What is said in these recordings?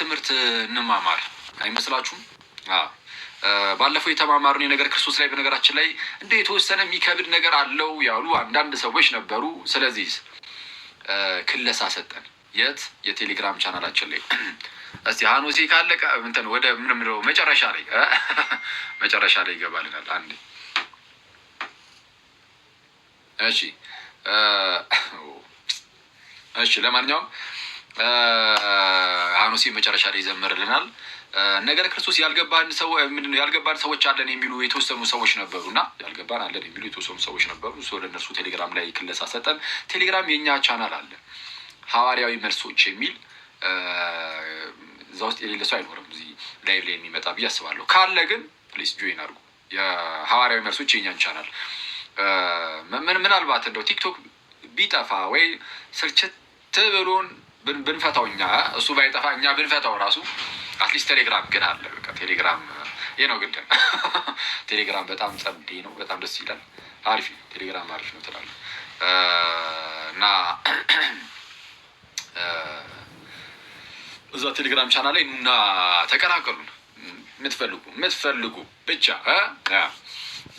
ትምህርት እንማማር አይመስላችሁም? ባለፈው የተማማሩን የነገር ክርስቶስ ላይ በነገራችን ላይ እንደ የተወሰነ የሚከብድ ነገር አለው ያሉ አንዳንድ ሰዎች ነበሩ። ስለዚህ ክለሳ ሰጠን። የት የቴሌግራም ቻናላችን ላይ እስቲ ሀኖሴ ካለቀ እንትን ወደ ምለው መጨረሻ ላይ መጨረሻ ላይ ይገባልናል። አንዴ እሺ፣ እሺ። ለማንኛውም አኖሲ መጨረሻ ላይ ይዘምርልናል። ነገር ክርስቶስ ያልገባን ሰው ያልገባን ሰዎች አለን የሚሉ የተወሰኑ ሰዎች ነበሩ እና ያልገባን አለን የሚሉ የተወሰኑ ሰዎች ነበሩ። እሱ ለእነርሱ ቴሌግራም ላይ ክለሳ ሰጠን። ቴሌግራም የእኛ ቻናል አለ ሐዋርያዊ መልሶች የሚል እዛ ውስጥ የሌለ ሰው አይኖርም እዚህ ላይቭ ላይ የሚመጣ ብዬ አስባለሁ። ካለ ግን ፕሊስ ጆይን አድርጉ። የሐዋርያዊ መልሶች የኛን ቻናል ምናልባት እንደው ቲክቶክ ቢጠፋ ወይ ስርችት ብሎን ብንፈታው እኛ እሱ ባይጠፋ እኛ ብንፈታው ራሱ አትሊስት ቴሌግራም ግን አለ። በቃ ቴሌግራም ይህ ነው ግድ ቴሌግራም በጣም ጸዴ ነው። በጣም ደስ ይላል። አሪፍ ቴሌግራም አሪፍ ነው ትላለ እና እዛ ቴሌግራም ቻናል ላይ ኑና ተቀላቀሉን። የምትፈልጉ የምትፈልጉ ብቻ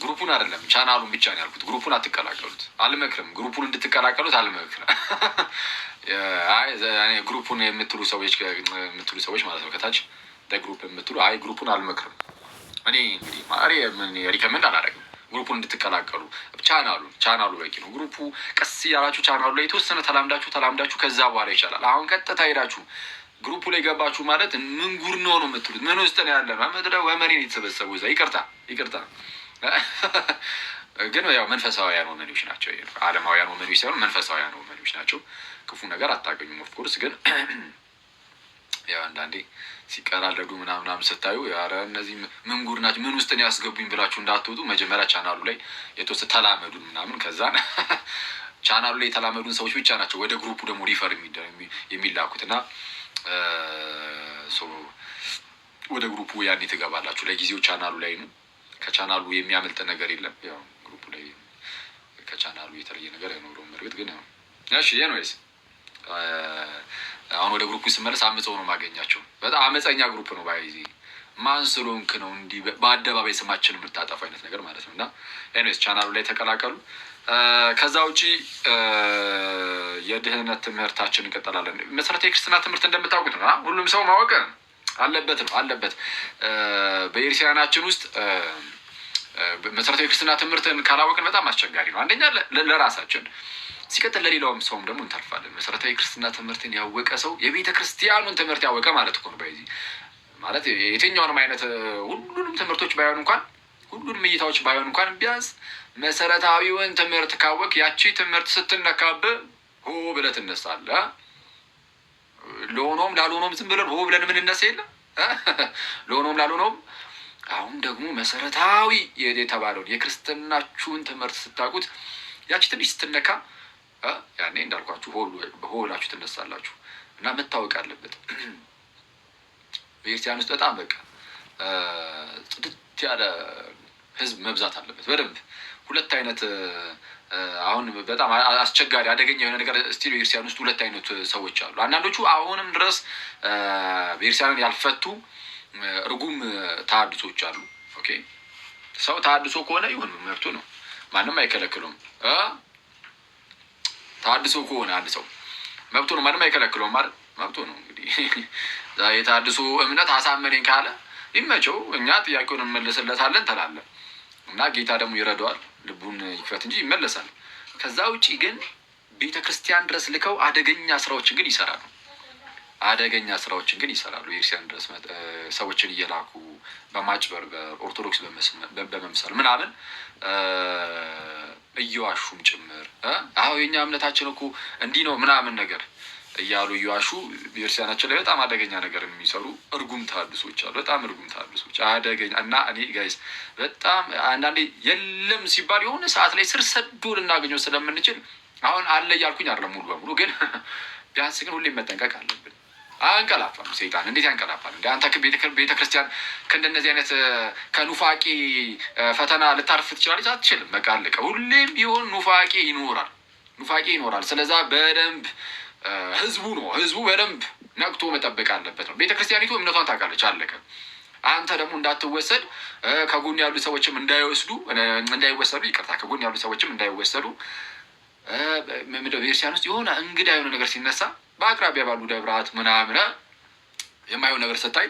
ግሩፑን አይደለም ቻናሉን ብቻ ነው ያልኩት። ግሩፑን አትቀላቀሉት፣ አልመክርም። ግሩፑን እንድትቀላቀሉት አልመክርም። ግሩፑን የምትሉ ሰዎች የምትሉ ሰዎች ማለት ነው ከታች ለግሩፕ የምትሉ አይ ግሩፑን አልመክርም። እኔ እንግዲህ ሪከመንድ አላደርግም ግሩፑን እንድትቀላቀሉ። ቻናሉ ቻናሉ በቂ ነው። ግሩፑ ቀስ እያላችሁ ቻናሉ ላይ የተወሰነ ተላምዳችሁ ተላምዳችሁ ከዛ በኋላ ይቻላል። አሁን ቀጥታ ሄዳችሁ ግሩፑ ላይ ገባችሁ ማለት ምን ጉድ ነው ነው የምትሉት? ምን ውስጥ ነው ያለ መድረ ወመሬን የተሰበሰቡ እዛ ይቅርታ ይቅርታ ግን ያው መንፈሳውያን ወመኔዎች ናቸው። አለማውያን ወመኔዎች ሳይሆን መንፈሳውያን ወመኔዎች ናቸው። ክፉ ነገር አታገኙም። ኦፍኮርስ ግን ያው አንዳንዴ ሲቀላለዱ ምናምናም ስታዩ ኧረ እነዚህ ምን ጉድ ናቸው ምን ውስጥ ነው ያስገቡኝ ብላችሁ እንዳትወጡ መጀመሪያ ቻናሉ ላይ የተወሰ ተላመዱን ምናምን ከዛን ቻናሉ ላይ የተላመዱን ሰዎች ብቻ ናቸው ወደ ግሩፑ ደግሞ ሪፈር የሚላኩት እና ወደ ግሩፑ ያኔ ትገባላችሁ። ለጊዜው ቻናሉ ላይ ነው። ከቻናሉ የሚያመልጥ ነገር የለም። ያው ግሩፑ ላይ ከቻናሉ የተለየ ነገር አይኖረውም። እርግጥ ግን ያው እሺ አሁን ወደ ግሩፑ ስመለስ አምፀው ነው ማገኛቸው። በጣም አመፀኛ ግሩፕ ነው። ባይዚ ማን ስለሆንክ ነው እንዲህ በአደባባይ ስማችን የምታጠፉ አይነት ነገር ማለት ነው። እና ኤኒዌይስ ቻናሉ ላይ ተቀላቀሉ። ከዛ ውጪ የድህነት ትምህርታችን እንቀጠላለን። መሰረተ የክርስትና ትምህርት እንደምታውቁት ነው። ሁሉም ሰው ማወቅ አለበት ነው አለበት። በኢርሲያናችን ውስጥ መሰረታዊ ክርስትና ትምህርትን ካላወቅን በጣም አስቸጋሪ ነው። አንደኛ ለራሳችን ሲቀጥል ለሌላውም ሰውም ደግሞ እንተርፋለን። መሰረታዊ ክርስትና ትምህርትን ያወቀ ሰው የቤተ ክርስቲያኑን ትምህርት ያወቀ ማለት እኮ ነው። ማለት የትኛውንም አይነት ሁሉንም ትምህርቶች ባይሆን እንኳን ሁሉንም እይታዎች ባይሆን እንኳን ቢያንስ መሰረታዊውን ትምህርት ካወቅ ያቺ ትምህርት ስትነካብ ሆ ብለህ ትነሳለህ። ለሆኖም ላልሆኖም ዝም ብለን ሆ ብለን የምንነሳ የለም። ለሆኖም ላልሆኖም አሁን ደግሞ መሰረታዊ የተባለውን የክርስትናችሁን ትምህርት ስታውቁት ያቺ ትንሽ ስትነካ ያኔ እንዳልኳችሁ በሆላችሁ ትነሳላችሁ እና መታወቅ አለበት። በክርስቲያን ውስጥ በጣም በቃ ጥድት ያለ ህዝብ መብዛት አለበት በደንብ ሁለት አይነት አሁን በጣም አስቸጋሪ አደገኛ የሆነ ነገር ስቲል ቤተክርስቲያን ውስጥ ሁለት አይነት ሰዎች አሉ። አንዳንዶቹ አሁንም ድረስ ቤተክርስቲያንን ያልፈቱ እርጉም ተሐድሶች አሉ። ኦኬ ሰው ተሐድሶ ከሆነ ይሁን መብቱ ነው፣ ማንም አይከለክሉም። ታድሶ ከሆነ አንድ ሰው መብቶ ነው፣ ማንም አይከለክለውም። ማለት መብቶ ነው እንግዲህ የታድሶ እምነት አሳመነኝ ካለ ይመቸው፣ እኛ ጥያቄውን እንመለስለታለን ተላለ እና ጌታ ደግሞ ይረዳዋል፣ ልቡን ይክፈት እንጂ ይመለሳል። ከዛ ውጪ ግን ቤተ ክርስቲያን ድረስ ልከው አደገኛ ስራዎችን ግን ይሰራሉ። አደገኛ ስራዎችን ግን ይሰራሉ። የክርስቲያን ድረስ ሰዎችን እየላኩ በማጭበርበር ኦርቶዶክስ በመምሰል ምናምን እየዋሹም ጭምር አሁ የኛ እምነታችን እኮ እንዲህ ነው ምናምን ነገር እያሉ እየዋሹ ቤተክርስቲያናችን ላይ በጣም አደገኛ ነገር የሚሰሩ እርጉም ታድሶች አሉ። በጣም እርጉም ታድሶች አደገኛ እና እኔ ጋይስ በጣም አንዳንዴ የለም ሲባል የሆነ ሰዓት ላይ ስር ሰዶ ልናገኘው ስለምንችል አሁን አለ እያልኩኝ አለ ሙሉ በሙሉ ግን ቢያንስ ግን ሁሌም መጠንቀቅ አለብን። አንቀላፋም። ሰይጣን እንዴት ያንቀላፋል? እንደ አንተ ቤተ ክርስቲያን ከእንደነዚህ አይነት ከኑፋቂ ፈተና ልታርፍ ትችላለች? አትችልም። በቃ አለቀ። ሁሌም ቢሆን ኑፋቂ ይኖራል፣ ኑፋቂ ይኖራል። ስለዛ በደንብ ህዝቡ ነው ህዝቡ በደንብ ነቅቶ መጠበቅ አለበት ነው። ቤተ ክርስቲያኒቱ እምነቷን ታውቃለች። አለቀ። አንተ ደግሞ እንዳትወሰድ ከጎን ያሉ ሰዎችም እንዳይወስዱ እንዳይወሰዱ ይቅርታ፣ ከጎን ያሉ ሰዎችም እንዳይወሰዱ ቤተክርስቲያን ውስጥ የሆነ እንግዳ የሆነ ነገር ሲነሳ በአቅራቢያ ባሉ ደብራት ምናምን የማየው ነገር ስታይ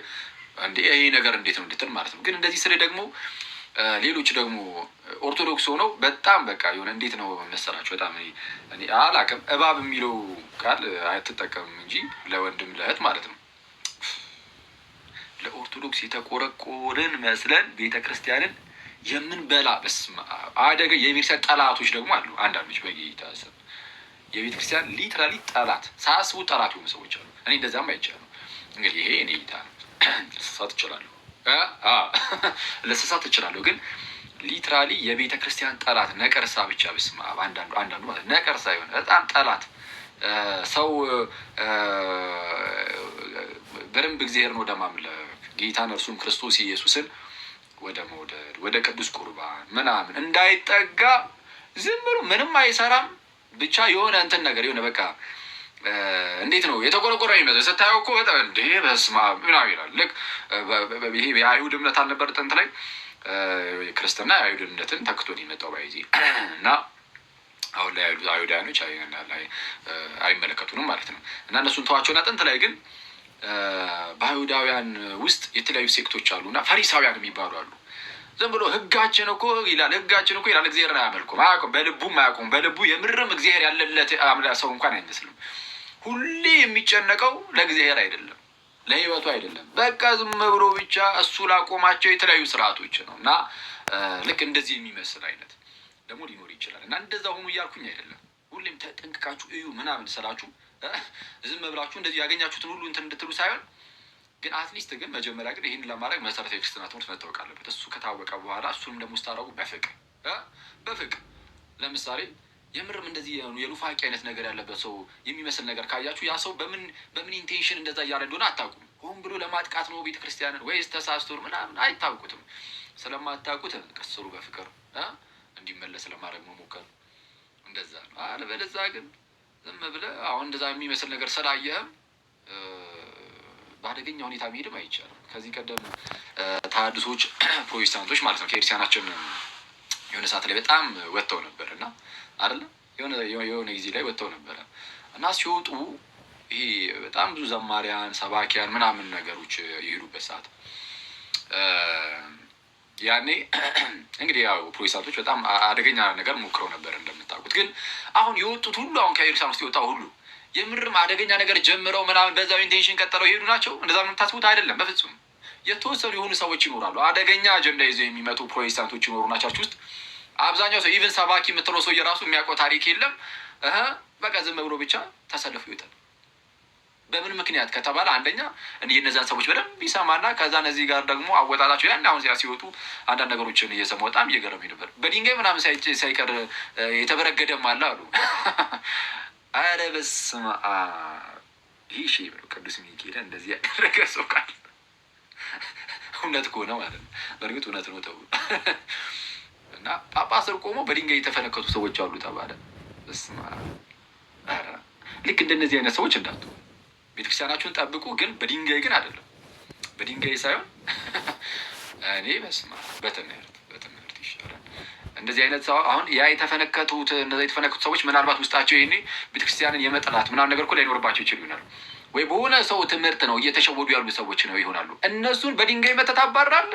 ይሄ ነገር እንዴት ነው እንድትል ማለት ነው። ግን እንደዚህ ስለ ደግሞ ሌሎች ደግሞ ኦርቶዶክስ ሆነው በጣም በቃ የሆነ እንዴት ነው መሰላቸው በጣም እኔ አላቅም። እባብ የሚለው ቃል አትጠቀምም እንጂ ለወንድም ለእህት ማለት ነው። ለኦርቶዶክስ የተቆረቆርን መስለን ቤተ ክርስቲያንን የምንበላ በስመ አብ አደገ የቤተክርስቲያን ጠላቶች ደግሞ አሉ አንዳንዶች በጌታ የቤተ ክርስቲያን ሊትራሊ ጠላት ሳስቡ ጠላት የሆኑ ሰዎች አሉ። እኔ እንደዚያም አይቻልም። እንግዲህ ይሄ እኔ እይታ ነው። ልስሳት እችላለሁ፣ ልስሳት እችላለሁ። ግን ሊትራሊ የቤተ ክርስቲያን ጠላት ነቀርሳ ብቻ ብስማ አንዳንዱ አንዳንዱ ማለት ነቀርሳ የሆነ በጣም ጠላት ሰው በደንብ እግዚአብሔርን ወደ ማምለክ ጌታን እርሱም ክርስቶስ ኢየሱስን ወደ መውደድ ወደ ቅዱስ ቁርባን ምናምን እንዳይጠጋ ዝም ብሎ ምንም አይሰራም። ብቻ የሆነ እንትን ነገር የሆነ በቃ እንዴት ነው የተቆረቆረ የሚመስለው ስታየው እኮ በጣም እንዴ በስመ አብ ምናምን ይላል። ልክ ይሄ የአይሁድ እምነት አልነበር ጥንት ላይ ክርስትና የአይሁድ እምነትን ተክቶን ነው የመጣው ባይዜ እና አሁን ላይ አይሁዳያኖች አይመለከቱንም ማለት ነው። እና እነሱን ተዋቸውና ጥንት ላይ ግን በአይሁዳውያን ውስጥ የተለያዩ ሴክቶች አሉ እና ፈሪሳውያን የሚባሉ አሉ ዝም ብሎ ህጋችን እኮ ይላል ህጋችን እኮ ይላል። እግዚአብሔርን አያመልኩም አያውቁም፣ በልቡም አያውቁም። በልቡ የምርም እግዚአብሔር ያለለት ሰው እንኳን አይመስልም። ሁሌ የሚጨነቀው ለእግዚአብሔር አይደለም፣ ለህይወቱ አይደለም። በቃ ዝም ብሎ ብቻ እሱ ላቆማቸው የተለያዩ ስርዓቶች ነው እና ልክ እንደዚህ የሚመስል አይነት ደግሞ ሊኖር ይችላል እና እንደዛ ሆኑ እያልኩኝ አይደለም። ሁሌም ተጠንቅቃችሁ እዩ ምናምን ስላችሁ ዝም ብላችሁ እንደዚህ ያገኛችሁትን ሁሉ እንትን እንድትሉ ሳይሆን ግን አትሊስት ግን መጀመሪያ ግን ይህን ለማድረግ መሰረታዊ ክርስትና ትምህርት መታወቅ አለበት። እሱ ከታወቀ በኋላ እሱንም ደግሞ ስታረጉ በፍቅ ለምሳሌ የምርም እንደዚህ የሉፋቂ አይነት ነገር ያለበት ሰው የሚመስል ነገር ካያችሁ ያ ሰው በምን በምን ኢንቴንሽን እንደዛ እያለ እንደሆነ አታውቁም። ሆን ብሎ ለማጥቃት ነው ቤተክርስቲያንን ወይስ ተሳስቶን ምናምን አይታውቁትም። ስለማታውቁት ቀስሩ በፍቅር እንዲመለስ ለማድረግ መሞከር እንደዛ ነው። አለበለዛ ግን ዝም ብለህ አሁን እንደዛ የሚመስል ነገር ስላየህም በአደገኛ ሁኔታ መሄድም አይቻልም። ከዚህ ቀደም ተሐድሶች ፕሮቴስታንቶች ማለት ነው ከክርስቲያናችን የሆነ ሰዓት ላይ በጣም ወጥተው ነበር እና አይደለም የሆነ ጊዜ ላይ ወጥተው ነበረ እና ሲወጡ ይሄ በጣም ብዙ ዘማሪያን፣ ሰባኪያን ምናምን ነገሮች የሄዱበት ሰዓት ያኔ እንግዲህ ያው ፕሮቴስታንቶች በጣም አደገኛ ነገር ሞክረው ነበር እንደምታውቁት። ግን አሁን የወጡት ሁሉ አሁን ከቤተክርስቲያን ውስጥ የወጣው ሁሉ የምርም አደገኛ ነገር ጀምረው ምናምን በዛ ኢንቴንሽን ቀጠለው ይሄዱ ናቸው። እንደዛ የምታስቡት አይደለም በፍጹም። የተወሰኑ የሆኑ ሰዎች ይኖራሉ፣ አደገኛ አጀንዳ ይዘው የሚመጡ ፕሮቴስታንቶች ይኖሩ ናቸው ውስጥ አብዛኛው ሰው ኢቨን ሰባኪ የምትለው ሰው የራሱ የሚያውቀው ታሪክ የለም። በቃ ዝም ብሎ ብቻ ተሰልፎ ይወጣል። በምን ምክንያት ከተባለ አንደኛ የነዛን ሰዎች በደንብ ይሰማና ከዛ እነዚህ ጋር ደግሞ አወጣጣቸው ያን አሁን ሲወጡ አንዳንድ ነገሮችን እየሰማ በጣም እየገረመኝ ነበር። በድንጋይ ምናምን ሳይቀር የተበረገደም አለ አሉ አረ በስመ አብ ይህ ሺ ብለው ቅዱስ ሚካኤል እንደዚህ ያደረገ ሰው ቃል እውነት ከሆነ ማለት ነው። በእርግጥ እውነት ነው ተው እና ጳጳስ ስር ቆሞ በድንጋይ የተፈነከቱ ሰዎች አሉ ተባለ። በስመ አብ አረ ልክ እንደነዚህ አይነት ሰዎች እንዳቱ ቤተክርስቲያናችሁን ጠብቁ። ግን በድንጋይ ግን አይደለም፣ በድንጋይ ሳይሆን እኔ በስመ አብ በትምህርት እንደዚህ አይነት ሰው አሁን ያ የተፈነከቱት እነዚ የተፈነከቱት ሰዎች ምናልባት ውስጣቸው ይሄኔ ቤተክርስቲያንን የመጠላት ምናምን ነገር እኮ ላይኖርባቸው ይችሉ ይሆናል። ወይ በሆነ ሰው ትምህርት ነው እየተሸወዱ ያሉ ሰዎች ነው ይሆናሉ። እነሱን በድንጋይ መተት አባራለ።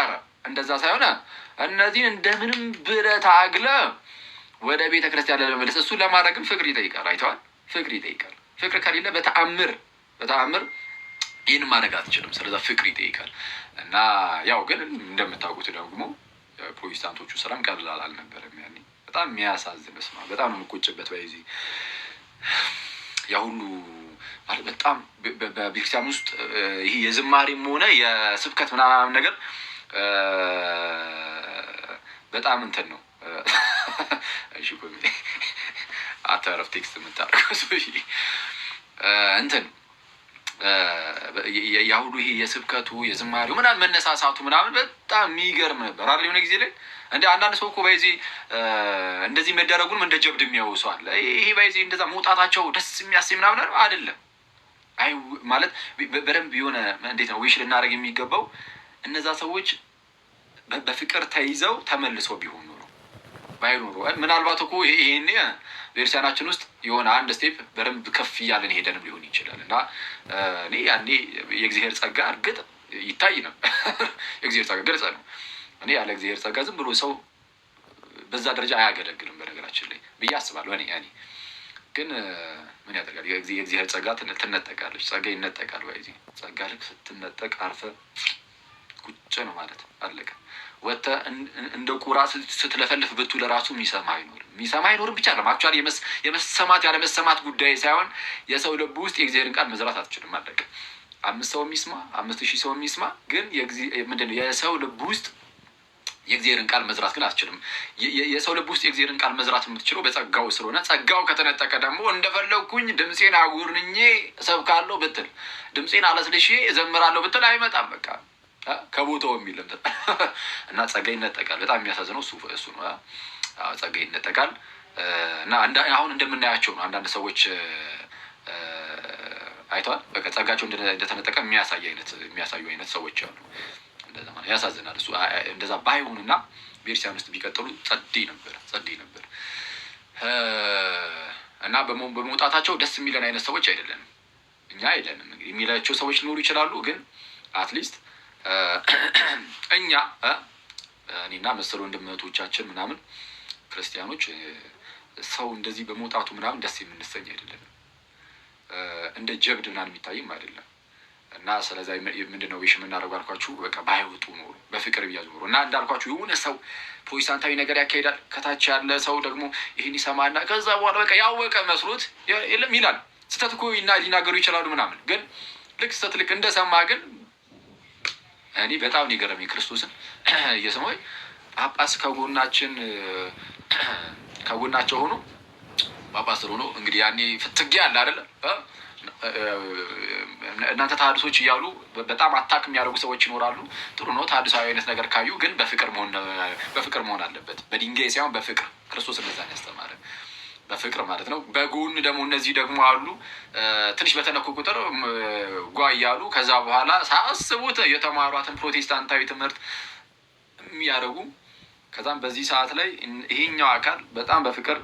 አረ እንደዛ ሳይሆነ እነዚህን እንደምንም ብረት አግለ ወደ ቤተ ክርስቲያን ለመመለስ እሱ ለማድረግም ፍቅር ይጠይቃል። አይተዋል፣ ፍቅር ይጠይቃል። ፍቅር ከሌለ በተአምር በተአምር ይህን ማድረግ አትችልም። ስለዛ ፍቅር ይጠይቃል እና ያው ግን እንደምታውቁት ደግሞ ፕሮቴስታንቶቹ ስራም ቀላል አልነበረም። ያኔ በጣም የሚያሳዝን በስማ በጣም ነው የምቆጭበት። በይዚ ያ ማለት በጣም በቤተክርስቲያን ውስጥ ይህ የዝማሬም ሆነ የስብከት ምናምን ነገር በጣም እንትን ነው። እሺ አተረፍ ቴክስት የምታደርገው እንትን የአሁዱ ይሄ የስብከቱ የዝማሬው ምናምን መነሳሳቱ ምናምን በጣም የሚገርም ነበር። አለ የሆነ ጊዜ ላይ እንደ አንዳንድ ሰው እኮ ባይዜ እንደዚህ መደረጉንም እንደ ጀብድ የሚያውሰዋል። ይሄ ባይዜ እንደዛ መውጣታቸው ደስ የሚያሰኝ ምናምን አይደለም። አይ ማለት በደንብ የሆነ እንዴት ነው ዊሽ ልናደርግ የሚገባው እነዛ ሰዎች በፍቅር ተይዘው ተመልሶ ቢሆኑ ባይኖሩ ምናልባት እኮ ይሄኔ ቤተክርስቲያናችን ውስጥ የሆነ አንድ ስቴፕ በደንብ ከፍ እያለን ሄደንም ሊሆን ይችላል እና እኔ ያኔ የእግዚአብሔር ጸጋ እርግጥ ይታይ ነው። የእግዚአብሔር ጸጋ ግልጽ ነው። እኔ ያለ እግዚአብሔር ጸጋ ዝም ብሎ ሰው በዛ ደረጃ አያገለግልም በነገራችን ላይ ብዬ አስባለሁ። እኔ ያኔ ግን ምን ያደርጋል የእግዚአብሔር ጸጋ ትነጠቃለች። ጸጋ ይነጠቃል ወይ ጸጋ ልክ ስትነጠቅ አርፈ ቁጭ ነው ማለት አለቀ። ወተ እንደ ቁራ ስትለፈልፍ ብቱ ለራሱ የሚሰማ አይኖርም። የሚሰማ አይኖርም ብቻ ለም አክቹዋሊ የመሰማት ያለመሰማት ጉዳይ ሳይሆን የሰው ልብ ውስጥ የእግዚአብሔርን ቃል መዝራት አትችልም። አለቀ። አምስት ሰው የሚስማ አምስት ሺህ ሰው የሚስማ ግን ምንድን ነው የሰው ልብ ውስጥ የእግዚአብሔርን ቃል መዝራት ግን አትችልም። የሰው ልብ ውስጥ የእግዚአብሔርን ቃል መዝራት የምትችለው በጸጋው ስለሆነ ጸጋው ከተነጠቀ ደግሞ እንደፈለግኩኝ ድምፄን አጉርንኜ እሰብካለሁ ብትል፣ ድምፄን አለስልሼ እዘምራለሁ ብትል አይመጣም። በቃ ከቦታው የሚል እና ጸጋይ ይነጠቃል። በጣም የሚያሳዝነው እሱ እሱ ነው። ጸጋይ ይነጠቃል እና አሁን እንደምናያቸው ነው። አንዳንድ ሰዎች አይተዋል፣ በቃ ጸጋቸው እንደተነጠቀ የሚያሳይ አይነት የሚያሳዩ አይነት ሰዎች አሉ። ያሳዝናል። እሱ እንደዛ ባይሆንና ቤተክርስቲያን ውስጥ ቢቀጥሉ ጸዴ ነበር፣ ጸዴ ነበር እና በመውጣታቸው ደስ የሚለን አይነት ሰዎች አይደለንም፣ እኛ አይደለንም። እንግዲህ የሚላቸው ሰዎች ሊኖሩ ይችላሉ፣ ግን አትሊስት እኛ እኔና መሰል ወንድምህቶቻችን ምናምን ክርስቲያኖች ሰው እንደዚህ በመውጣቱ ምናምን ደስ የምንሰኝ አይደለም፣ እንደ ጀብድ ምናምን የሚታይም አይደለም። እና ስለዚ ምንድነው ሽ ሽም አልኳችሁ። በቃ ባይወጡ ኖሩ በፍቅር ብያዙ ኖሩ። እና እንዳልኳችሁ የሆነ ሰው ፕሮቴስታንታዊ ነገር ያካሄዳል። ከታች ያለ ሰው ደግሞ ይህን ይሰማና ከዛ በኋላ በቃ ያወቀ መስሎት የለም ይላል። ስህተት እኮ ሊናገሩ ይችላሉ ምናምን፣ ግን ልክ ስህተት ልክ እንደሰማ ግን እኔ በጣም ነው የገረመኝ ክርስቶስን እየሰማኝ ጳጳስ ከጎናችን ከጎናቸው ሆኖ ጳጳስ ሆኖ እንግዲህ ያኔ ፍትጌ አለ አይደለ እናንተ ተሐድሶች እያሉ በጣም አታክ የሚያደርጉ ሰዎች ይኖራሉ። ጥሩ ነው ተሐድሳዊ አይነት ነገር ካዩ ግን በፍቅር መሆን በፍቅር መሆን አለበት። በድንጋይ ሳይሆን በፍቅር ክርስቶስ እነዛን ያስተማረ በፍቅር ማለት ነው። በጎን ደግሞ እነዚህ ደግሞ አሉ። ትንሽ በተነኩ ቁጥር ጓ እያሉ ከዛ በኋላ ሳያስቡት የተማሯትን ፕሮቴስታንታዊ ትምህርት የሚያደርጉ ከዛም በዚህ ሰዓት ላይ ይሄኛው አካል በጣም በፍቅር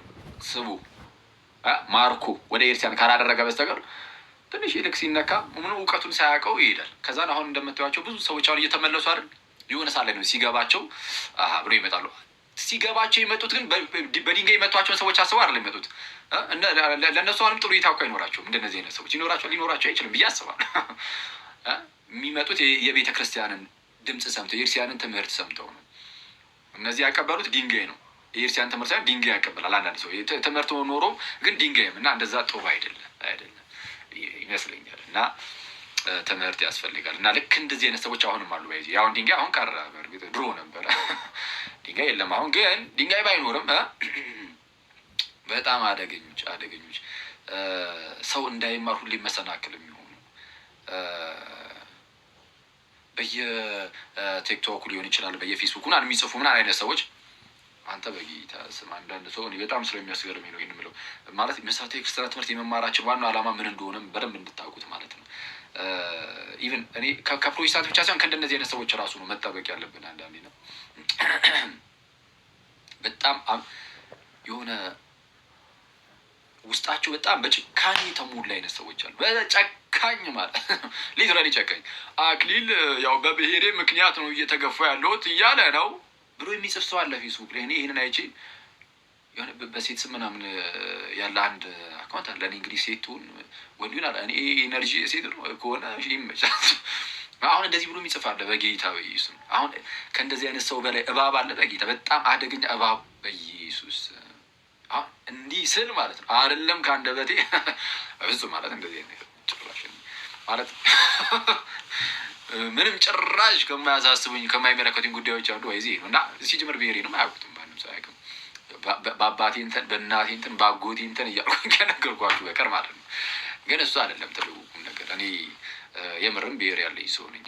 ስቡ ማርኩ ወደ ኤርሲያን ካላደረገ በስተቀር ትንሽ ይልቅ ሲነካ ምኑ እውቀቱን ሳያውቀው ይሄዳል። ከዛን አሁን እንደምታዩቸው ብዙ ሰዎች አሁን እየተመለሱ አይደል የሆነ ሳለ ነው ሲገባቸው ብሎ ይመጣሉ። ሲገባቸው የመጡት ግን በድንጋይ የመቷቸውን ሰዎች አስበው አይደለም የመጡት። ለእነሱ አሁንም ጥሩ እይታ እኮ አይኖራቸውም። እንደነዚህ አይነት ሰዎች ይኖራቸው ሊኖራቸው አይችልም ብዬ አስባለሁ። የሚመጡት የቤተ ክርስቲያንን ድምፅ ሰምተው የእርስያንን ትምህርት ሰምተው ነው። እነዚህ ያቀበሉት ድንጋይ ነው። የእርስያን ትምህርት ሳይሆን ድንጋይ ያቀበላል። አንዳንድ ሰው ትምህርት ኖሮ ግን ድንጋይም እና እንደዛ ጥሩ አይደለም አይደለም ይመስለኛል እና ትምህርት ያስፈልጋል እና ልክ እንደዚህ አይነት ሰዎች አሁንም አሉ። ያሁን ድንጋይ አሁን ቀረ፣ በእርግጥ ድሮ ነበረ። ድንጋይ የለም። አሁን ግን ድንጋይ ባይኖርም በጣም አደገኞች አደገኞች ሰው እንዳይማር ሁሌ መሰናክል የሚሆኑ በየቲክቶክ ሊሆን ይችላል በየፌስቡክ ምናምን የሚጽፉ ምን አይነት ሰዎች አንተ በጌታ ስም አንዳንድ ሰው እኔ በጣም ስለሚያስገርመኝ ነው ይህን የምለው። ማለት ምሳቴ ትምህርት የመማራችን ዋናው ዓላማ ምን እንደሆነ በደንብ እንድታውቁት ማለት ነው። ኢቨን እኔ ከፕሮቴስታንት ብቻ ሳይሆን ከእንደነዚህ አይነት ሰዎች ራሱ ነው መጠበቅ ያለብን። አንዳንዴ ነው በጣም የሆነ ውስጣቸው በጣም በጭካኔ የተሞላ አይነት ሰዎች አሉ። በጨካኝ ማለት ሊትራሊ ጨካኝ። አክሊል ያው በብሔሬ ምክንያት ነው እየተገፋ ያለሁት እያለ ነው ብሎ የሚጽፍ ሰው አለ ፌስቡክ ላይ። እኔ ይህንን አይቼ የሆነ በሴት ስም ምናምን ያለ አንድ አካውንት አለ። እኔ እንግዲህ ሴት ትሁን ወንድ ይሆን እኔ ኤነርጂ ሴት ነው ከሆነ ይመቻት። አሁን እንደዚህ ብሎ የሚጽፍ አለ በጌታ በኢየሱስ አሁን ከእንደዚህ አይነት ሰው በላይ እባብ አለ በጌታ በጣም አደገኛ እባብ በኢየሱስ አሁን እንዲህ ስል ማለት ነው አይደለም ከአንደበቴ ብዙ ማለት እንደዚህ ጭራሽ ማለት ምንም ጭራሽ ከማያሳስቡኝ ከማይመለከቱኝ ጉዳዮች አንዱ ወይ ይሄ ነው እና ሲጀምር ብሄሬ ነው አያውቁትም ማንም ሰው አያውቅም በአባቴ እንትን በእናቴ እንትን በአጎቴ እንትን እያልኩኝ ከነገርኳችሁ በቀር ማለት ነው። ግን እሱ አይደለም ትልቁ ቁም ነገር። እኔ የምርም ብሔር ያለኝ ሰው ነኝ፣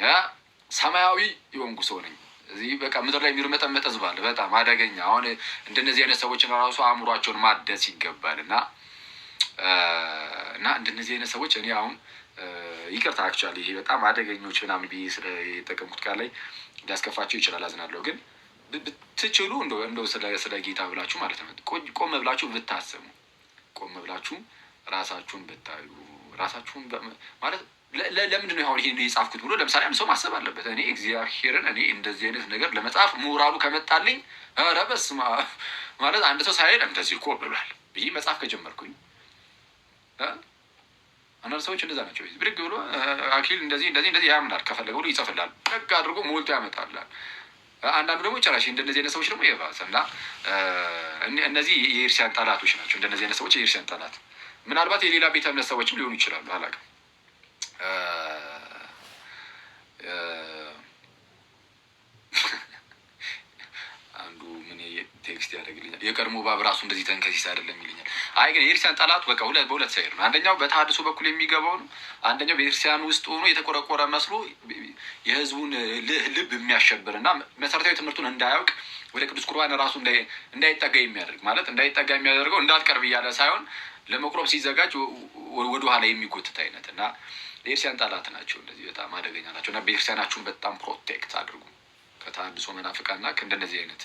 ሰማያዊ የሆንኩ ሰው ነኝ። እዚህ በቃ ምድር ላይ የሚርመጠመጥ ህዝብ አለ፣ በጣም አደገኛ። አሁን እንደነዚህ አይነት ሰዎችን ራሱ አእምሯቸውን ማደስ ይገባል። እና እና እንደነዚህ አይነት ሰዎች እኔ አሁን ይቅርታ አክቹዋሊ ይሄ በጣም አደገኞች ምናምን ብዬ የጠቀምኩት ቃል ላይ ሊያስከፋቸው ይችላል፣ አዝናለሁ ግን ብትችሉ እንደው ስለ ጌታ ብላችሁ ማለት ነው ቆም ብላችሁ ብታስቡ፣ ቆም ብላችሁ ራሳችሁን ብታዩ፣ ራሳችሁን ማለት ለምንድን ነው አሁን ይህ የጻፍኩት ብሎ ለምሳሌ አንድ ሰው ማሰብ አለበት። እኔ እግዚአብሔርን እኔ እንደዚህ አይነት ነገር ለመጻፍ ምሁራሉ ከመጣልኝ ረበስ ማለት አንድ ሰው ሳይሄድ እንደዚህ እኮ ብሏል ብዬ መጽሐፍ ከጀመርኩኝ አንዳንድ ሰዎች እንደዛ ናቸው። ብድግ ብሎ አኪል እንደዚህ እንደዚህ እንደዚህ ያምናል፣ ከፈለገ ብሎ ይጽፍላል፣ ደግ አድርጎ ሞልቶ ያመጣላል። አንዳንዱ ደግሞ ጭራሽ እንደነዚህ አይነት ሰዎች ደግሞ የባሰ እና እነዚህ የኤርሲያን ጠላቶች ናቸው። እንደነዚህ አይነት ሰዎች የኤርሲያን ጠላት ምናልባት የሌላ ቤተ እምነት ሰዎችም ሊሆኑ ይችላሉ አላውቅም። ትዕግስት ያደርግልኛል። የቀድሞ ባብ ራሱ እንደዚህ ተንከሲስ አይደለም ይልኛል። አይ ግን የቤተክርስቲያን ጠላት በቃ ሁለት በሁለት ሳይድ ነው። አንደኛው በተሀድሶ በኩል የሚገባው ነው። አንደኛው ቤተክርስቲያን ውስጥ ሆኖ የተቆረቆረ መስሎ የህዝቡን ልብ የሚያሸብር እና መሰረታዊ ትምህርቱን እንዳያውቅ ወደ ቅዱስ ቁርባን ራሱ እንዳይጠጋ የሚያደርግ ማለት እንዳይጠጋ የሚያደርገው እንዳትቀርብ እያለ ሳይሆን ለመቁረብ ሲዘጋጅ ወደ ኋላ የሚጎትት አይነት እና ኤርሲያን ጠላት ናቸው። እንደዚህ በጣም አደገኛ ናቸው እና ቤተክርስቲያናችሁን በጣም ፕሮቴክት አድርጉ ከተሀድሶ መናፍቃና ከእንደነዚህ አይነት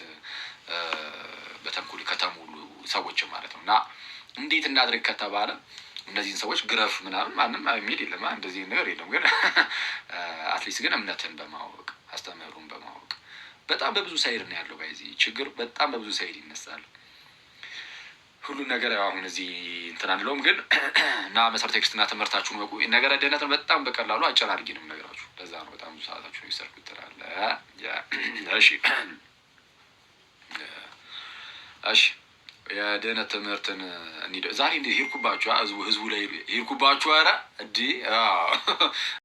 በተንኮል ከተሞሉ ሰዎች ማለት ነው። እና እንዴት እናድርግ ከተባለ እነዚህን ሰዎች ግረፍ ምናምን ማንም የሚል የለም፣ እንደዚህ ነገር የለም። ግን አትሊስት ግን እምነትን በማወቅ አስተምህሩን በማወቅ በጣም በብዙ ሳይድ ነው ያለው። ባይዚ ችግር በጣም በብዙ ሳይድ ይነሳል። ሁሉ ነገር ያው አሁን እዚህ እንትን አንለውም፣ ግን እና መሰረተ ክርስትና ትምህርታችሁን ወቁ። ነገረ ድህነትን በጣም በቀላሉ አጨራርጌ ነው የምነግራችሁ። ለዛ ነው በጣም ብዙ ሰዓታችሁን ይሰርኩት እሺ እሺ የድህነት ትምህርትን እንሂድ። ዛሬ እንዴት ሄድኩባችሁ? ህዝቡ ህዝቡ ላይ ሄድኩባችሁ። ኧረ እንዲህ